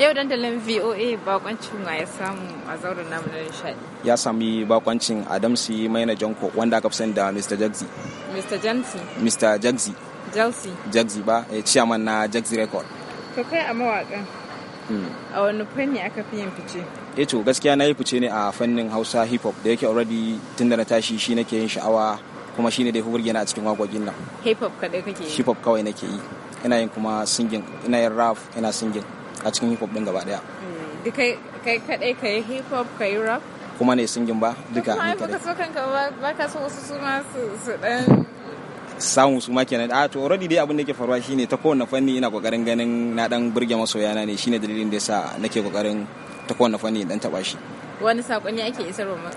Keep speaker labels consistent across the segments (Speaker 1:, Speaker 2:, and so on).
Speaker 1: Yau dandalin VOA bakoncin wa ya samu a zauren namu na nishadi. Ya sami bakoncin Adamsi Maina Janko wanda aka fi da Mr. Jagzi. Mr. Jansi. Mr. Jagzi. Jalsi. Jagzi ba, eh, chairman na Jagzi Record. To kai a mawaƙa. Hmm. A wani fanni aka fi yin fice? Eh to gaskiya na yi fice ne a fannin Hausa hip hop da yake already tun da na tashi shi nake yin sha'awa kuma shi ne da hurge na a cikin waƙoƙin nan. Hip hop kaɗai kake yi? Hip hop kawai nake yi. Ina yin kuma singing, ina yin rap, ina singing. a cikin hip hop din gaba daya mm, kai ka yi hip hop ka yi rap kuma ne singin ba duka ne kadai kuma kanka ba ka so wasu su ma su dan samun su ma kenan a ah, to already dai abin da ke faruwa shine ta kowane fanni ina kokarin ganin na dan burge masoyana ne shine dalilin da yasa nake kokarin ta kowane fanni dan taba shi wani sakonni ake isarwa ma.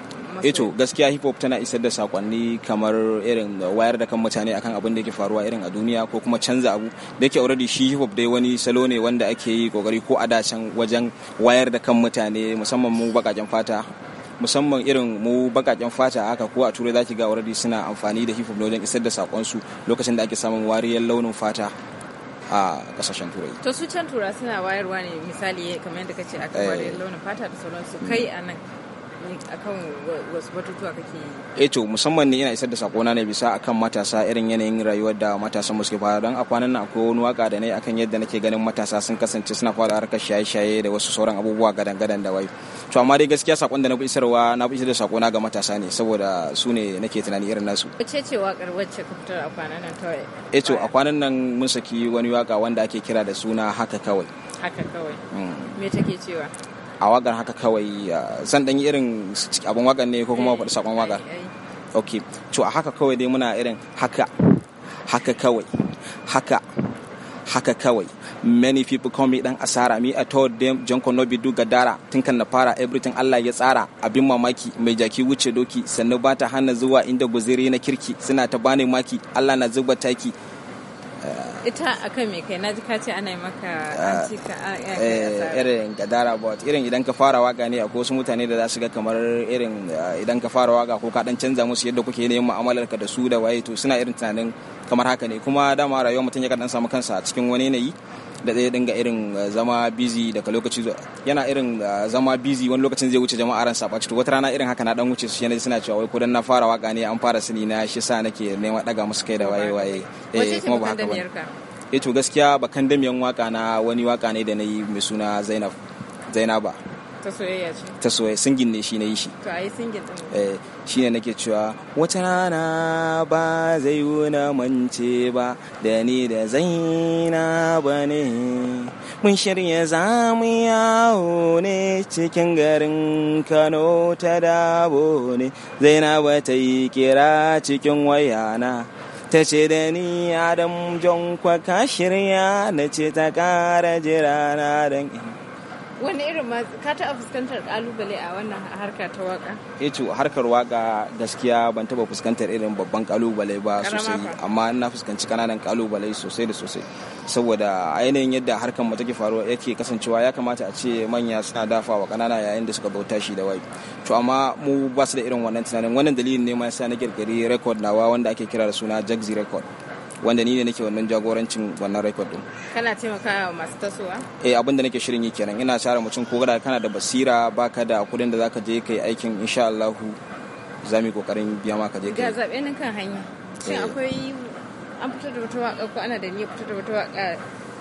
Speaker 1: eto eh gaskiya hip hop tana isar da sakonni kamar irin wayar da kan mutane akan abin da yake faruwa irin a duniya ko kuma canza abu da yake already shi hip hop dai wani salo ne wanda ake yi kokari ko a dacen wajen wayar da kan mutane musamman mu bakajen fata musamman irin mu bakaken fata haka ko a turai zaki ga already suna amfani da hip hop wajen isar da sakonsu lokacin da ake samun wariyar launin fata a kasashen turai to su can tura suna wayarwa ne misali kamar yadda kace akan eh. wariyar launin fata da sauransu kai anan. akan wasu kake eh to musamman ne yana isar da sakona ne bisa akan matasa irin yanayin rayuwar da matasan suke fara don a kwanan nan akwai wani waka da ne akan yadda nake ganin matasa sun kasance suna fara harkar shaye-shaye da wasu sauran abubuwa gadan-gadan da wai to amma dai gaskiya sakon da na fi isarwa na fi isar da sakona ga matasa ne saboda su ne nake tunani irin nasu wace ce wakar wacce ka fitar a kwanan nan kawai eh to a kwanan nan mun saki wani waka wanda ake kira da suna haka kawai haka kawai mm. me take cewa a wagar haka kawai zan ɗan yi irin abin wagar ne ko kuma faɗi sakon wagar ok to a haka kawai dai muna irin haka haka kawai haka haka kawai many people call me dan asara me i told them john konobi do gadara tun kan na fara everything allah ya tsara abin mamaki mai jaki wuce doki sannan ba ta hana zuwa inda guziri na kirki suna ta bani maki allah na zuba taki ita a kan me kai naji ka ce ana yi maka ah, antika. Ah, eh, irin gadara bot irin idan ka fara waka ne akwai wasu mutane da za su ga kamar irin ah, idan ka fara waka ko ka dan canza musu yadda kuke yin mu'amalar ka da su da waye to suna irin tunanin kamar haka ne kuma dama rayuwar mutum ya dan samu kansa a cikin wani yanayi da zai dinga irin uh, zama busy daga lokaci zuwa yana irin uh, zama busy wani lokacin zai wuce jama'a ran sabaci to wata rana irin haka na dan wuce su yana suna cewa wai ko na fara waka ne an fara sini na shi sa nake neman daga musu kai da waye waye eh kuma ba haka ba eh to gaskiya bakan damiyan waka na wani waka ne da nayi mai suna Zainab Zainaba ta soyayya ce ta singin ne shi na yi shi to ayi singin din eh nake cewa wata rana ba zai wuna mance ba da ni da zaina ba ne mun shirya za mu yawo ne cikin garin kano ta dabo ne ba ta yi kira cikin wayana ta ce da ni adam jon kwa ka shirya na ce ta kara jira na ina wani irin ma ka taɓa fuskantar kalubale a wannan harkar ta waka eh to harkar waka gaskiya ban taɓa fuskantar irin babban kalubale ba sosai amma na fuskanci kananan kalubale sosai da sosai saboda ainihin yadda harkar mu take faruwa yake kasancewa ya kamata a ce manya suna dafa wa kanana yayin da suka bauta shi da wai to amma mu ba su da irin wannan tunanin wannan dalilin ne ma yasa na kirkiri record nawa wanda ake kira da suna Jagzi record wanda ni ne nake wannan jagorancin wannan record din kana taimakawa masu tasowa eh abinda nake shirin yi kenan ina share mutum ko da kana da basira baka da kudin da zaka je kai aikin insha Allah za mu kokarin biya maka je kai ga zabe nan kan hanya shin eh. akwai an fitar da wata waka ko ana da niyyar fitar da wata waka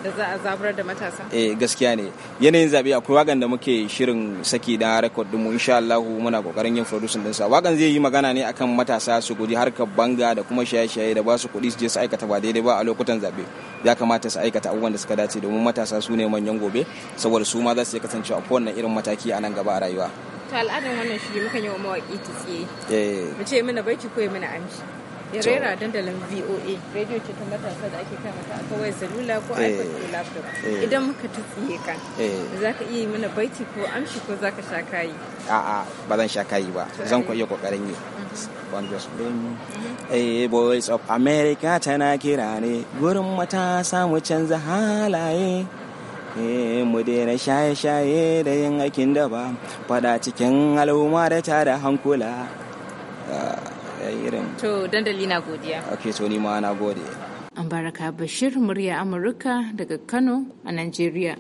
Speaker 1: da za a zaburar da matasa eh gaskiya ne yanayin zabe akwai wagan da muke shirin saki da rekod dinmu mu insha Allah muna kokarin yin producing din sa wagan zai yi magana ne akan matasa su guji harkar banga da kuma shaye-shaye da ba su kuɗi su je su aikata ba daidai ba a lokutan zabe ya kamata su aikata abubuwan da suka dace domin matasa su ne manyan gobe saboda su ma za su kasance a kowane irin mataki a nan gaba a rayuwa to al'adar wannan shi mukan yi wa mawaƙi tsiye eh. mu ce mana barki ko mana amshi Irera dandalin VOA radio ce ta matasa da ake kama ta akwai wayar salula ko eh. iPhone ko laptop. Eh. Idan muka tutsiye ka eh. za ka iya mana baiti ko amshi ko za ka sha kayi. A'a ba zan sha kayi ba zan ku iya kokarin yi. Mhm. Mhm. Eh boys of America tana kira ne gurin matasa mu canza halaye. mu daina shaye-shaye da yin aikin da ba fada cikin al'umma da tada hankula ah. irin to dandali na godiya Ok to ni ma na gode an baraka bashir murya amurka daga kano a Najeriya.